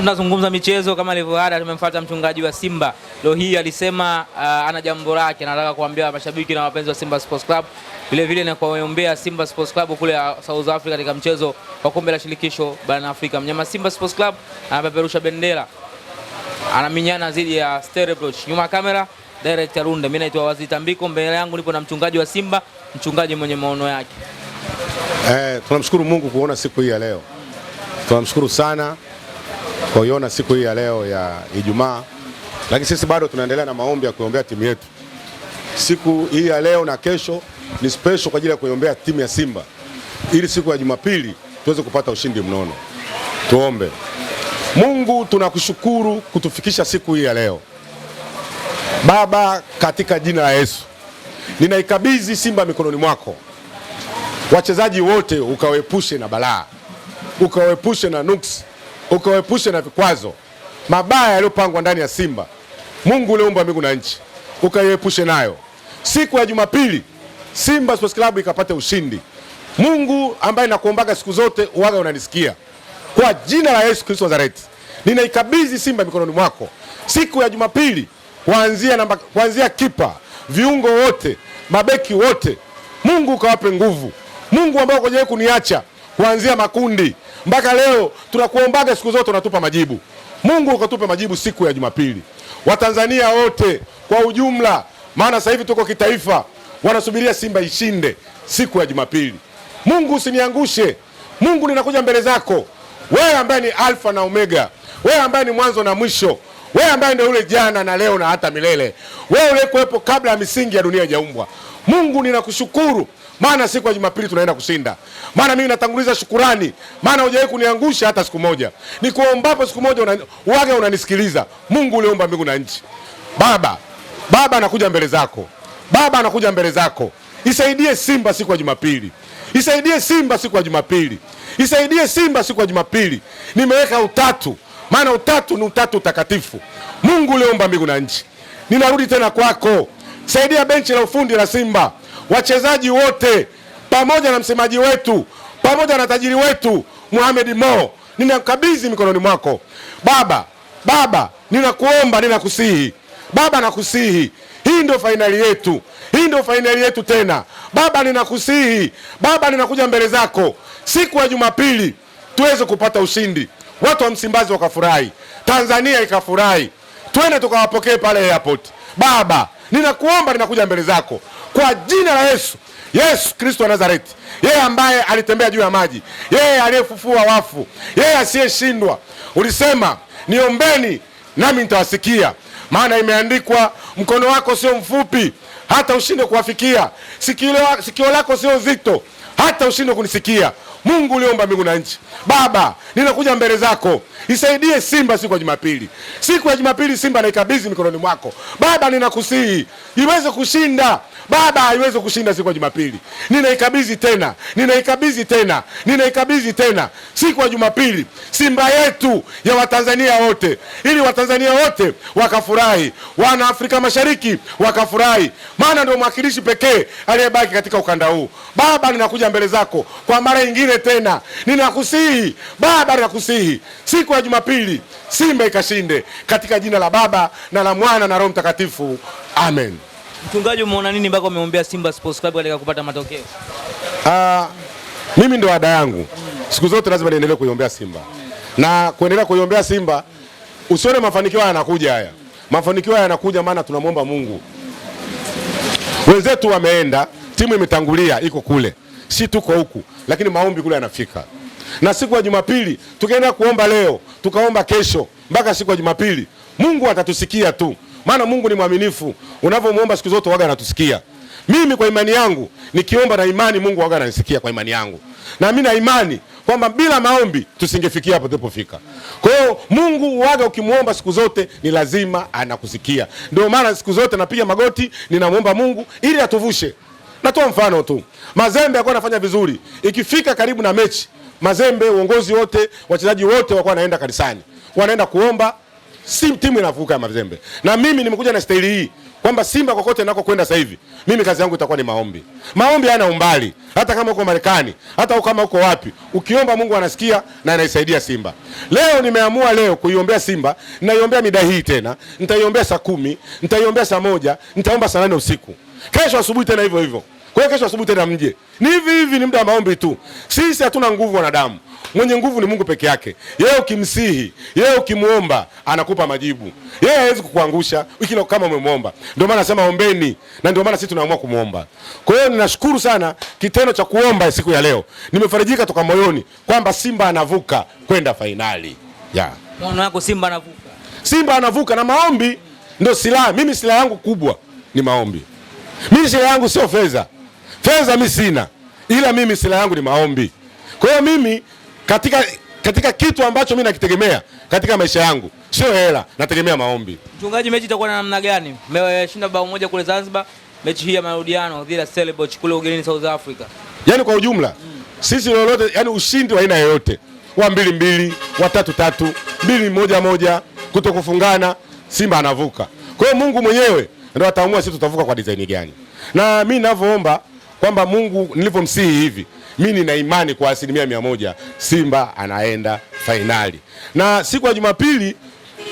tunazungumza michezo kama ilivyo ada, tumemfuata mchungaji wa Simba leo hii alisema, uh, ana jambo lake anataka kuambia mashabiki na wapenzi wa Simba Sports Club, vile vile na kuwaombea Simba Sports Club kule uh, South Africa katika mchezo wa kombe la shirikisho barani Afrika. Mnyama Simba Sports Club anapeperusha bendera, anaminyana dhidi ya Stellenbosch. Nyuma kamera director Runde, mimi naitwa Wazi Tambiko, mbele yangu nipo na mchungaji wa Simba, mchungaji mwenye maono yake. Eh, tunamshukuru Mungu kuona siku hii ya leo, tunamshukuru sana kuiona siku hii ya leo ya Ijumaa, lakini sisi bado tunaendelea na maombi ya kuiombea timu yetu. Siku hii ya leo na kesho ni special kwa ajili ya kuiombea timu ya Simba ili siku ya Jumapili tuweze kupata ushindi mnono. Tuombe. Mungu, tunakushukuru kutufikisha siku hii ya leo. Baba, katika jina la Yesu ninaikabidhi Simba mikononi mwako, wachezaji wote ukawepushe na balaa, ukawepushe na nuksi ukawepushe na vikwazo mabaya yaliyopangwa ndani ya Simba. Mungu uliumba mbingu na nchi, ukaiepushe nayo. Siku ya Jumapili Simba Sports Club ikapata ushindi. Mungu ambaye nakuombaga siku zote uwaga unanisikia, kwa jina la Yesu Kristo Nazareti, ninaikabidhi Simba mikononi mwako siku ya Jumapili, kuanzia namba, kuanzia kipa, viungo wote, mabeki wote, Mungu ukawape nguvu. Mungu ambaye kwenye kuniacha kuanzia makundi mpaka leo tunakuombaga siku zote, unatupa majibu. Mungu ukatupe majibu siku ya Jumapili, Watanzania wote kwa ujumla, maana sasa hivi tuko kitaifa, wanasubiria Simba ishinde siku ya Jumapili. Mungu usiniangushe, Mungu ninakuja mbele zako wewe ambaye ni alfa na omega, wewe ambaye ni mwanzo na mwisho wewe ambaye ndio yule jana na leo na hata milele, wewe uliyekuwepo kabla ya misingi ya dunia haijaumbwa. Mungu ninakushukuru, maana siku ya Jumapili tunaenda kushinda, maana mimi natanguliza shukurani, maana hujawahi kuniangusha hata siku moja. Nikuombapo siku moja una, uage unanisikiliza. Mungu uliumba mbingu na nchi, Baba, Baba anakuja mbele zako, Baba anakuja mbele zako, isaidie Simba siku ya Jumapili isaidie Simba siku ya Jumapili, isaidie Simba siku ya Jumapili. Nimeweka utatu maana utatu ni utatu utakatifu. Mungu uliumba mbingu na nchi. Ninarudi tena kwako, saidia benchi la ufundi la Simba, wachezaji wote pamoja na msemaji wetu pamoja na tajiri wetu Mohamed Mo, ninakabidhi mikononi mwako Baba. Baba, ninakuomba ninakusihi Baba, nakusihi hii ndio fainali yetu, hii ndio fainali yetu tena. Baba, ninakusihi Baba, ninakuja mbele zako siku ya Jumapili tuweze kupata ushindi watu wa Msimbazi wakafurahi, Tanzania ikafurahi. Twende tukawapokee pale airport. Baba, ninakuomba ninakuja mbele zako kwa jina la Yesu, Yesu Kristo wa Nazareti, yeye ambaye alitembea juu ya maji, yeye aliyefufua wafu, yeye asiyeshindwa. Ulisema niombeni nami nitawasikia, maana imeandikwa, mkono wako sio mfupi hata ushinde kuwafikia, sikio lako sio zito hata ushindwe kunisikia. Mungu uliomba mbingu na nchi, Baba, ninakuja mbele zako, isaidie Simba siku ya Jumapili. Siku ya Jumapili Simba naikabidhi mikononi mwako Baba, ninakusihi iweze kushinda Baba haiwezi kushinda siku ya Jumapili. Ninaikabidhi tena, ninaikabidhi tena, ninaikabidhi tena siku ya Jumapili, Simba yetu ya Watanzania wote, ili Watanzania wote wakafurahi, wana Afrika Mashariki wakafurahi, maana ndio mwakilishi pekee aliyebaki katika ukanda huu. Baba, ninakuja mbele zako kwa mara nyingine tena, ninakusihi Baba, ninakusihi siku ya Jumapili Simba ikashinde, katika jina la Baba na la Mwana na Roho Mtakatifu, amen. Mchungaji, umeona nini mpaka umeombea Simba Sports Club katika kupata matokeo? Uh, mimi ndo ada yangu siku zote lazima niendelee kuiombea Simba na kuendelea kuiombea Simba. Usione mafanikio yanakuja, haya mafanikio haya yanakuja, maana tunamwomba Mungu. Wenzetu wameenda, timu imetangulia, iko kule, si tuko huku, lakini maombi kule yanafika. Na siku ya Jumapili tukaenda kuomba leo, tukaomba kesho, mpaka siku ya Jumapili Mungu atatusikia tu maana Mungu ni mwaminifu, unavyomwomba siku zote waga anatusikia. Mimi kwa imani yangu nikiomba na imani Mungu waga ananisikia kwa imani yangu, na mimi na imani kwamba bila maombi tusingefikia hapo tulipofika. Kwa hiyo Mungu waga, ukimwomba siku zote ni lazima anakusikia. Ndio maana siku zote napiga magoti ninamwomba Mungu ili atuvushe. Natoa mfano tu, Mazembe alikuwa anafanya vizuri, ikifika karibu na mechi Mazembe, uongozi wote, wachezaji wote walikuwa wanaenda kanisani, wanaenda kuomba si timu inavuka ya mazembe. Na mimi nimekuja na staili hii kwamba Simba kokote nako kwenda sasa hivi, mimi kazi yangu itakuwa ni maombi. Maombi hayana umbali, hata kama uko Marekani, hata kama uko wapi, ukiomba Mungu anasikia na anaisaidia Simba. Leo nimeamua leo kuiombea Simba, ninaiombea mida hii tena, nitaiombea saa kumi, nitaiombea saa moja, nitaomba saa nane usiku, kesho asubuhi tena hivyo hivyo. Kwa hiyo kesho asubuhi tena mje. Ni hivi hivi, ni muda wa maombi tu. Sisi hatuna nguvu wanadamu. Mwenye nguvu ni Mungu peke yake. Yeye ukimsihi, yeye ukimuomba, anakupa majibu. Yeye hawezi kukuangusha ikina kama umemuomba. Ndio maana nasema ombeni, na ndio maana sisi tunaamua kumuomba. Kwa hiyo ninashukuru sana kitendo cha kuomba siku ya leo. Nimefarijika toka moyoni kwamba Simba anavuka kwenda fainali. Ya. Yeah. Maono yako Simba anavuka. Simba anavuka na maombi ndio silaha. Mimi silaha yangu kubwa ni maombi. Mimi silaha yangu sio fedha. Fedha mimi sina, ila mimi sila yangu ni maombi. Kwa hiyo mimi katika, katika kitu ambacho mimi nakitegemea katika maisha yangu sio hela, nategemea maombi. Mchungaji, mechi itakuwa na namna gani? Mmeshinda eh, bao moja kule Zanzibar, mechi hii ya marudiano dhidi ya Stellenbosch kule ugenini South Africa. Yaani kwa ujumla mm. sisi lolote, yani ushindi wa aina yoyote wa mbili mbili wa tatu tatu mbili moja moja kutokufungana, Simba anavuka. Kwa hiyo Mungu mwenyewe ndio ataamua sisi tutavuka kwa design gani, na mimi ninavyoomba kwamba Mungu nilivyomsihi hivi, mi nina imani kwa asilimia mia moja Simba anaenda fainali, na siku ya Jumapili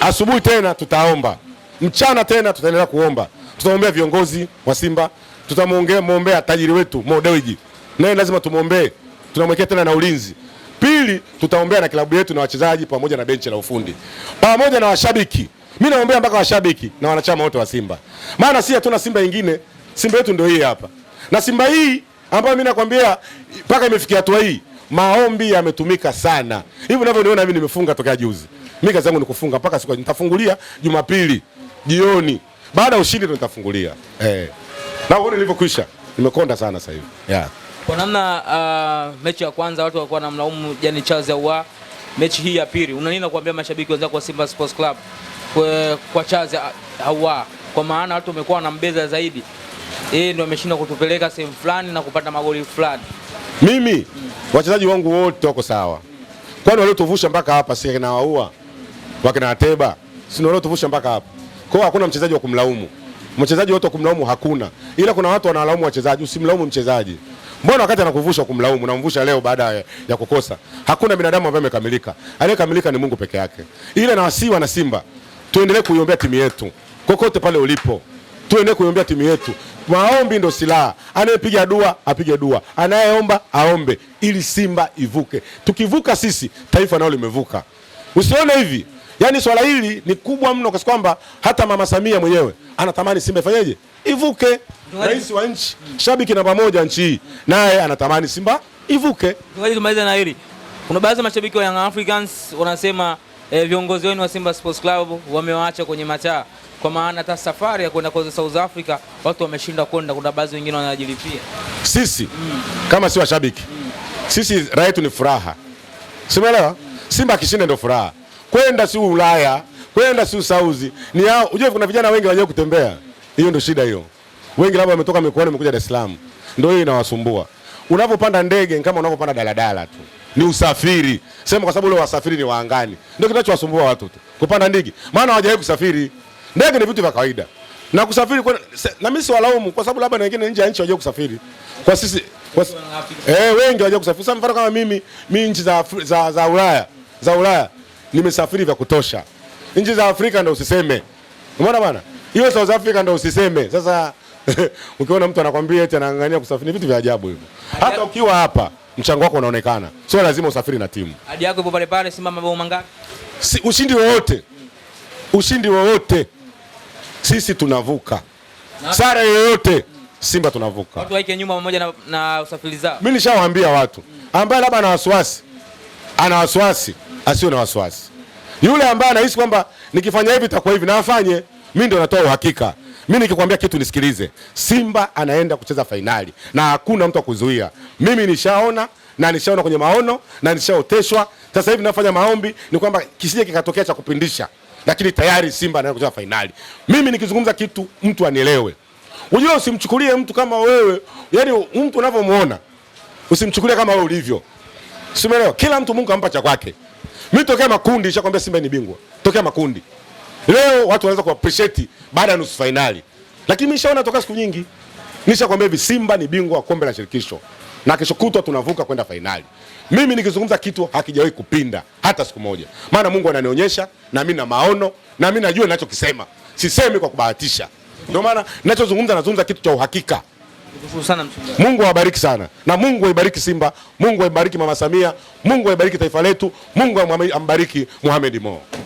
asubuhi tena tutaomba, mchana tena tutaendelea kuomba, tutamwombea viongozi wa Simba, tutamwombea tajiri wetu Mo Dewji, naye lazima tumwombee, tunamwekea tena na ulinzi. Pili, tutaombea na klabu yetu na wachezaji pamoja na benchi la ufundi pamoja na washabiki. Mimi naombea mpaka washabiki na wanachama wote wa Simba, maana si hatuna Simba ingine. Simba yetu ndio hii hapa na Simba hii ambayo mimi nakwambia mpaka imefikia hatua hii, maombi yametumika sana. Hivi unavyoniona mimi nimefunga tokea juzi. Mimi kazi yangu ni kufunga mpaka siku nitafungulia Jumapili jioni. Baada ya ushindi ndo nitafungulia. Eh. Na uone nilivyokwisha. Nimekonda sana sasa hivi. Yeah. Kwa namna uh, mechi ya kwanza watu walikuwa wanamlaumu Jani Charles Ahoua. Mechi hii ya pili una nini kuambia mashabiki wenzako wa Simba Sports Club kwa, kwa Charles Ahoua kwa maana watu wamekuwa wanambeza zaidi yeye ndio ameshindwa kutupeleka sehemu fulani na kupata magoli fulani. Mimi mm. wachezaji wangu wote wako sawa mm. kwani waliotuvusha mpaka hapa si na waua wakina Ateba si ndio waliotuvusha mpaka hapa. Kwa hiyo hakuna mchezaji wa kumlaumu mchezaji wote wa kumlaumu hakuna, ila kuna watu wanalaumu wachezaji. Usimlaumu mchezaji, mbona wakati anakuvusha kumlaumu? Unamvusha leo baada ya kukosa. Hakuna binadamu ambaye amekamilika, aliyekamilika ni Mungu peke yake. Ila na wasi wana Simba, tuendelee kuiombea timu yetu kokote pale ulipo, tuendelee kuiombea timu yetu. Maombi ndo silaha. Anayepiga dua apige dua, anayeomba aombe, ili Simba ivuke. Tukivuka sisi, taifa nalo limevuka. Usione hivi, yaani swala hili ni kubwa mno, kwa kwamba hata Mama Samia mwenyewe anatamani Simba ifanyeje, ivuke. Rais wa nchi, shabiki namba moja nchi hii, naye anatamani Simba ivuke. Tumalize na hili, kuna baadhi ya mashabiki wa Young Africans wanasema eh, viongozi wenu wa Simba Sports Club wamewaacha kwenye mataa kwa maana hata safari ya kwenda kwa South Africa watu wameshinda kwenda, kuna baadhi wengine wanajilipia. Sisi mm. kama si washabiki mm. sisi raha yetu ni furaha mm. simeelewa mm. Simba akishinda ndio furaha, kwenda si Ulaya, kwenda si Saudi ni hao. Unajua kuna vijana wengi wanajua kutembea, hiyo ndio shida hiyo. Wengi labda wametoka mikoa na wamekuja Dar es Salaam, ndio hiyo inawasumbua. Unapopanda ndege kama unapopanda daladala tu ni usafiri sema, kwa sababu ule wasafiri ni waangani, ndio kinachowasumbua watu tu kupanda ndege, maana hawajawahi kusafiri. Ndege ni vitu vya kawaida na kusafiri kwa, na mimi siwalaumu kwa sababu labda na wengine nje ya nchi wajua kusafiri kwa sisi kwa, eh, wengi wajua kusafiri. Sasa mfano kama mimi mimi nchi za, za, za Ulaya za Ulaya nimesafiri vya kutosha. Nchi za Afrika ndio usiseme, umeona bwana, hiyo South Africa ndio usiseme. Sasa ukiona mtu anakwambia eti anaangania kusafiri, vitu vya ajabu hivyo. Hata ukiwa hapa mchango wako unaonekana, sio lazima usafiri na timu. Hadi yako ipo pale pale, simama bao mangapi? Si, ushindi wowote ushindi wowote sisi tunavuka sare yoyote, Simba tunavuka. Watu waike nyuma pamoja na, na usafiri zao. Mimi nishawaambia watu ambaye labda ana wasiwasi ana wasiwasi asiwe na wasiwasi, yule ambaye anahisi kwamba nikifanya hivi itakuwa hivi na afanye. Mimi ndio natoa uhakika mimi nikikwambia kitu nisikilize. Simba anaenda kucheza fainali na hakuna mtu akuzuia. Mimi nishaona na nishaona kwenye maono na nishaoteshwa. Sasa hivi nafanya maombi ni kwamba kisije kikatokea cha kupindisha lakini tayari Simba anaenda kucheza fainali. Mimi nikizungumza kitu mtu anielewe. Unajua, usimchukulie mtu kama wewe, yani mtu unavyomuona usimchukulie kama wewe ulivyo. Usielewa, kila mtu Mungu ampa cha kwake. Mimi tokea makundi nishakwambia Simba ni bingwa. Tokea makundi. Leo watu wanaweza ku appreciate baada ya nusu fainali. Lakini mimi nishaona toka siku nyingi. Nishakwambia hivi Simba ni bingwa wa kombe la shirikisho na kesho kutwa tunavuka kwenda fainali. Mimi nikizungumza kitu hakijawahi kupinda hata siku moja, maana Mungu ananionyesha na mimi na maono na mimi najua ninachokisema, sisemi kwa kubahatisha. Ndio maana ninachozungumza nazungumza kitu cha uhakika. Sana Mungu awabariki sana na Mungu aibariki Simba, Mungu aibariki Mama Samia, Mungu aibariki taifa letu, Mungu ambariki Mohamed Mo.